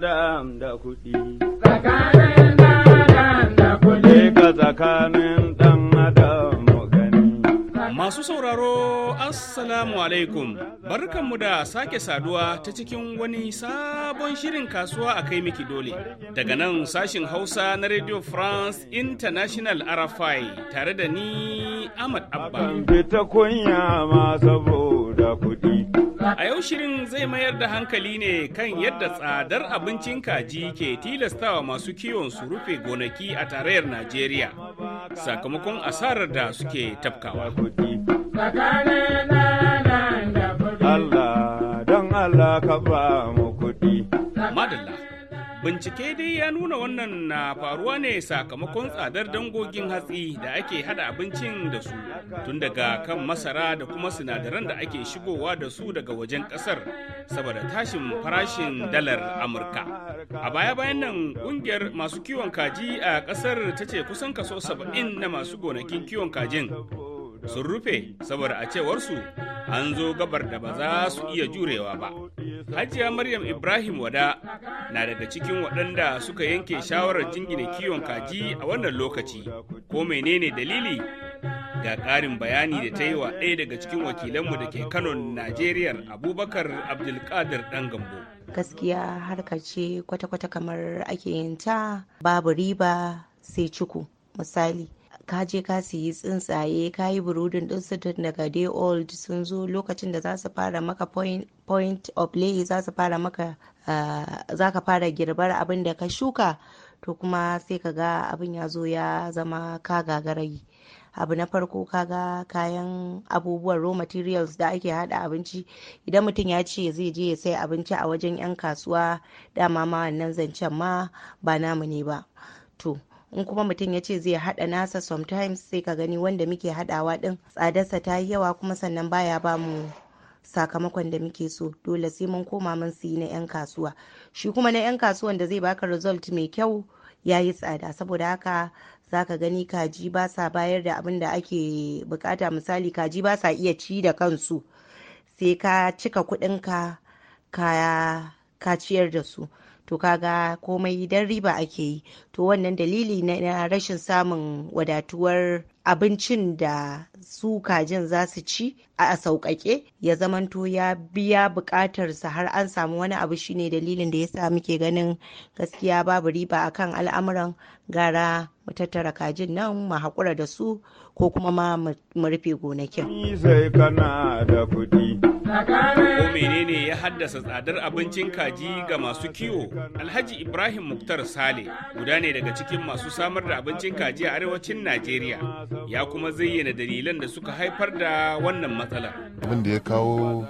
dam da kuɗi. Tsakanin da kuɗi. Ka tsakanin adam Masu sauraro, Assalamu alaikum. Barkanmu da sake saduwa ta cikin wani sabon shirin kasuwa a kai miki dole. Daga nan sashin Hausa na Radio France International RFI tare da ni Ahmad Abba. fita kunya ma saboda. da kuɗi. A yau shirin zai mayar da hankali ne kan yadda tsadar abincin kaji ke tilastawa masu kiwon su rufe gonaki a tarayyar Najeriya sakamakon asarar da suke tafkawa. Allah don Allah ka ba mu. bincike dai ya nuna wannan na faruwa ne sakamakon tsadar dangogin hatsi da ake hada abincin da su tun daga kan masara da kuma sinadaran da ake shigowa da su daga wajen kasar saboda tashin farashin dalar amurka a baya-bayan nan kungiyar masu kiwon kaji a kasar ta ce kusan kaso 70 na masu gonakin kiwon kajin sun rufe saboda a cewar su an zo gabar da ba za su iya jurewa ba Hajiya Maryam Ibrahim Wada na daga cikin waɗanda suka yanke shawarar jingina kiwon kaji a wannan lokaci, ko menene dalili? Ga ƙarin bayani da ta yi wa ɗaya daga cikin wakilanmu da ke kano'n Najeriya Abubakar Abdulkadir ɗan gambo. Gaskiya harka ce kwata-kwata kamar ake yin ta babu riba sai cuku misali. ka je ka siyi tsuntsaye ka yi burudin ɗinsu tun daga day old sun zo lokacin da za su fara maka point, of lay za su fara maka ah, za ka fara girbar abin da ka shuka to kuma sai ka ga abin ya zo ya zama ka gagarayi abu na farko ka ga kayan abubuwan raw materials da ake hada abinci idan mutum ya ce zai je ya sai abinci a wajen 'yan kasuwa dama ma wannan zancen ma ba namu ne ba to in kuma mutum ya ce zai haɗa nasa sometimes sai ka gani wanda muke haɗawa ɗin tsadarsa ta yi yawa kuma sannan baya ba mu sakamakon da muke so dole sai mun koma mun siyi na 'yan kasuwa shi kuma na 'yan kasuwan da zai baka result mai kyau ya yi tsada saboda haka zaka gani kaji ba sa bayar da abin da ake bukata misali kaji ba sa iya ci da kansu sai ka cika kudinka ka ka ciyar da su to kaga komai dan riba ake yi to wannan dalili na rashin samun wadatuwar abincin da su kajin za su ci a sauƙaƙe ya zamanto ya biya buƙatarsa har an samu wani abu shine dalilin da yasa muke ganin gaskiya babu riba akan al'amuran gara mu tattara kajin nan mu haƙura da su ko kuma ma mu rufe gonakin. Ko menene ya haddasa tsadar abincin kaji ga masu kiwo? Alhaji Ibrahim Muktar Sale guda ne daga cikin masu samar da abincin kaji a arewacin Najeriya. Ya kuma zayyana dalilan da suka haifar da wannan matsalar. Abin da ya kawo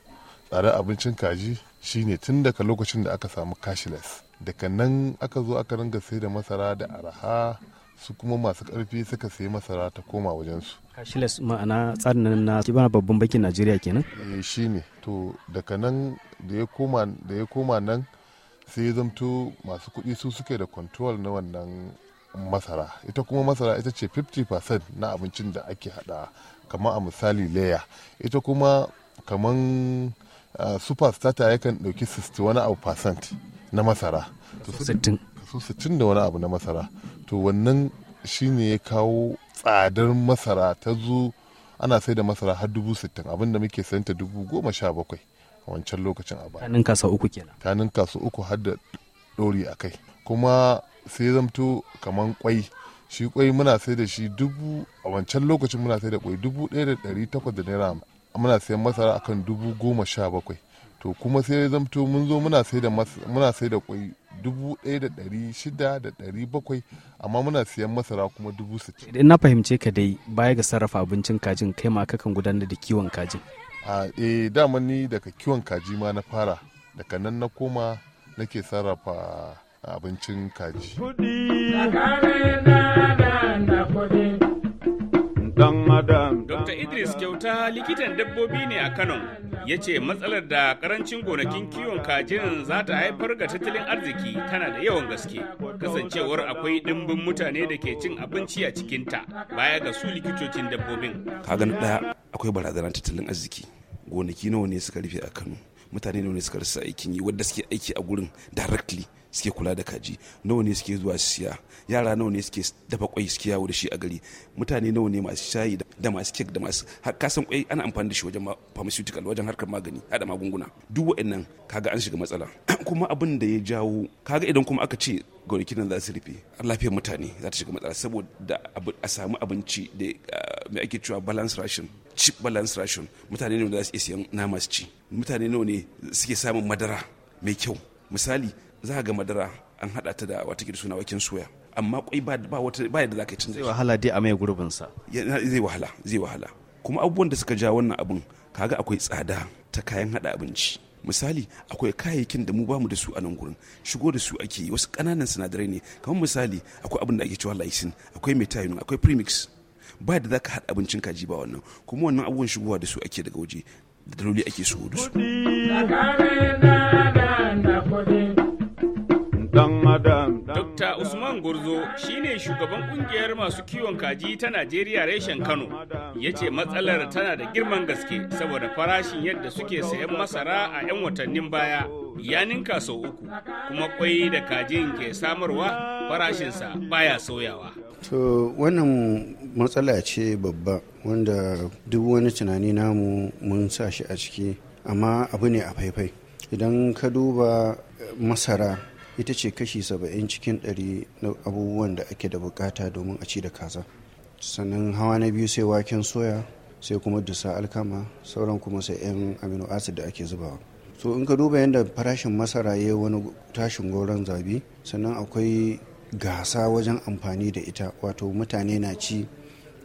tsadar abincin kaji shine tun daga lokacin da aka samu cashless. Daga nan aka zo aka ringa sai da masara da araha su kuma masu karfi suka sayi masara ta koma wajensu cashless ma'ana tsarin nan na bana babban bakin najeriya kenan eh ne to daga nan da ya koma da ya koma nan sai ya zamto masu kuɗi su suke da control na wannan masara ita kuma masara ita ce 50% na abincin da ake hada kamar a misali leya ita kuma kamar uh, ah, superstar yakan ɗauki 60 wani abu percent na masara su da wani abu na masara to wannan shine ya kawo tsadar masara ta zo ana sai da masara har dubu sittin abinda muke sayan ta dubu goma sha bakwai a wancan lokacin a baya. Tanin kasa uku kenan. Tanin kasa uku har da dori a kai. Kuma sai zamto kamar kwai shi kwai muna sai da shi dubu a wancan lokacin muna sai da kwai dubu ɗaya da ɗari takwas da naira muna sayan masara akan dubu goma sha bakwai. to kuma sai zamto mun zo muna sai da kwai dubu ɗaya da ɗari shida da ɗari bakwai amma muna siyan masara kuma dubu sittin. idan na fahimce ka dai baya ga sarrafa abincin kajin kai ma kakan gudanar da kiwon kajin. a eh dama ni daga kiwon kaji ma na fara daga nan na koma nake sarrafa abincin kaji. Kuɗi, madam dr idris kyauta likitan dabbobi ne a kano ya ce matsalar da karancin gonakin kiwon kajin za ta haifar ga tattalin arziki tana da yawan gaske kasancewar akwai dimbin mutane da ke cin abinci a cikinta baya ga su likitocin dabbobin kagan na daya akwai barazanar tattalin arziki gonaki nawa ne suka rufe a kano mutane nawa ne suka rasa aikin yi wadda suke aiki a gurin directly suke kula da kaji nawa ne suke zuwa siya yara nawa ne suke dafa kwai suke yawo da shi a gari mutane nawa ne masu shayi da da masu kek da masu kasan kwai ana amfani da shi wajen pharmaceutical wajen harkar magani hada magunguna duk wa'annan kaga an shiga matsala kuma abin da ya jawo kaga idan kuma aka ce gonakin nan za su rufe lafiyar mutane za ta shiga matsala saboda a samu abinci da ah, mai ake cewa balance ration cheap balance ration mutane ne za su iya siyan nama su ci mutane nawa ne suke samun madara mai kyau misali za ga madara an haɗa ta da wata suna waken soya amma kwai ba wata ba yadda zaka canza zai wahala dai a mai gurbin sa zai wahala zai wahala kuma abubuwan da suka ja wannan abun kaga akwai tsada ta kayan hada abinci misali akwai kayayyakin da mu bamu da su a nan gurin shigo da su ake wasu kananan sinadarai ne kamar misali akwai abin da ake cewa lysine akwai methionine akwai premix ba da zaka hada abincin kaji ba wannan kuma wannan abubuwan shigowa da su ake daga waje da daloli ake su da su Gurzo shine shugaban kungiyar masu kiwon kaji ta Najeriya reshen Kano ya ce matsalar tana da girman gaske saboda farashin yadda suke sayan masara a 'yan watannin baya ya ninka sau uku kuma kwai da kajin ke samarwa farashinsa baya sauyawa. To wannan matsala ce babba wanda duk wani tunani namu mun sa shi a ciki amma abu ne a faifai. Idan ka duba masara ita ce kashi saba'in cikin ɗari na abubuwan da ake da bukata domin a ci da kaza sannan hawa na biyu sai waken soya sai kuma dusa alkama sauran kuma sai 'yan amino acid da ake zubawa so in ka duba yadda farashin masara ya wani tashin goron zabi sannan akwai gasa wajen amfani da ita wato mutane na ci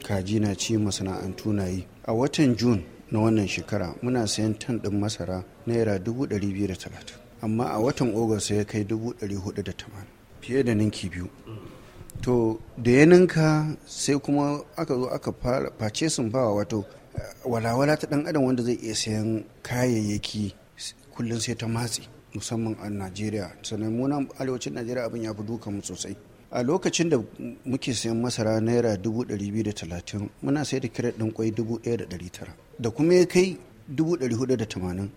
kaji na ci masana'antu na yi a watan Jun na wannan shekara muna sayan tan ɗin masara naira 230 amma a watan ogas ya kai 480 fiye da ninki biyu to da ya ninka sai kuma aka zo aka face sun bawa wato eh, walawala ta dan adam wanda zai iya sayan kayayyaki kullum sai ta matse musamman a najeriya sannan munan arewacin najeriya abin ya fi duka mu sosai a lokacin da muke sayan masara naira 230 muna sai da kiret ɗin kwai 1,900 da kuma ya kai 480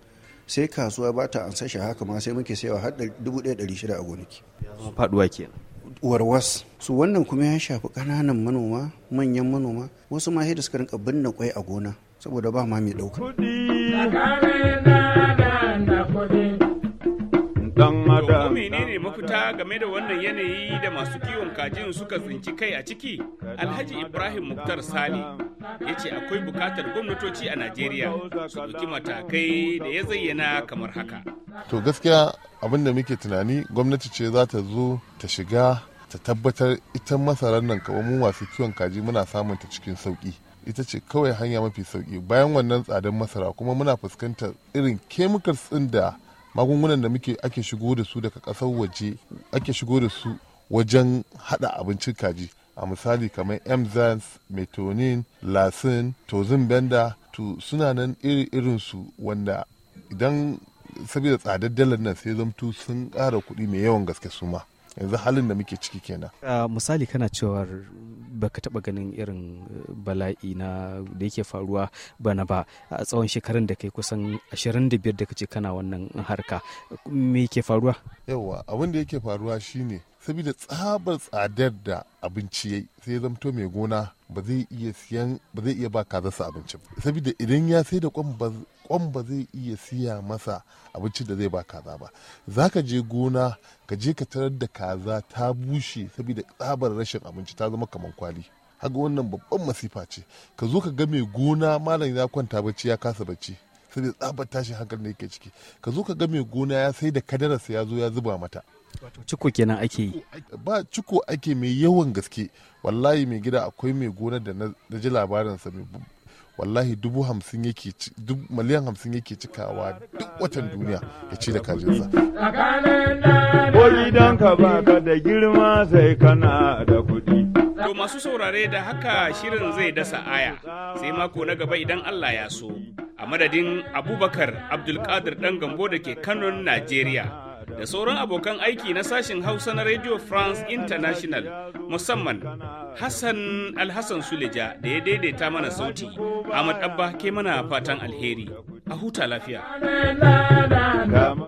sai kasuwa ba ta ansa shi haka ma sai muke sayawa har 1,600 a gonaki faduwa kenan warwas su wannan kuma ya shafi kananan manoma manyan manoma wasu ma da suka rinka binne kwai a gona saboda ba ma mai ɗauka ne mafita game da wannan yanayi da masu kiwon kajin suka tsinci kai a ciki alhaji ibrahim muktar sale ya ce akwai bukatar gwamnatoci a najeriya su ɗauki matakai da ya zayyana kamar haka to gaskiya abin da muke tunani gwamnati ce za ta zo ta shiga ta tabbatar ita masarar nan kamar mu masu kiwon kaji muna samun ta cikin sauki ita ce kawai hanya mafi sauki bayan wannan tsadar masara kuma muna fuskantar irin kemikals ɗin da magungunan da muke ake shigo da su daga kasar waje ake shigo da su wajen hada abincin kaji a misali kamar emzans metonin lasin tozin benda to suna nan iri su wanda idan saboda tsadar dalar nan sai zamtu sun kara kuɗi mai yawan gaske su ma yanzu halin da muke ciki kenan misali kana cewar baka taba ganin irin eh, bala'i na da yake faruwa bana ba a tsawon shekarun da kai kusan 25 da kace kana wannan harka me yake faruwa yawa abin da yake faruwa shine saboda tsabar tsadar da abinci yi sai ya zamto mai gona ba zai iya ba zai iya ba kazarsa abinci saboda idan ya sai da kwan ba zai iya siya masa abinci da zai ba kaza ba za ka je gona ka je ka tarar da kaza ta bushe saboda tsabar rashin abinci ta zama kamar kwali haga wannan babban masifa ce ka zo ka ga mai gona malam ya kwanta bacci ya kasa bacci saboda tsabar tashin hankali ne yake ciki ka zo ka ga mai gona ya sai da kadararsa ya zo ya zuba mata ciko kenan ake yi ba ciko ake mai yawan gaske wallahi mai gida akwai mai gonar da na ji labarinsa mai wallahi dubu hamsin yake miliyan hamsin yake cikawa duk watan duniya ya ci da kajinsa. don ka baka da girma sai kana da kuɗi. To masu saurare da haka shirin zai dasa aya sai mako na gaba idan Allah ya so. A madadin Abubakar Abdulkadir dan gambo da ke Kanon, Najeriya. da sauran abokan aiki na sashen Hausa na Radio France International musamman Hassan Alhassan Suleja da ya daidaita mana sauti. Ahmad Abba ke mana fatan alheri. A huta lafiya.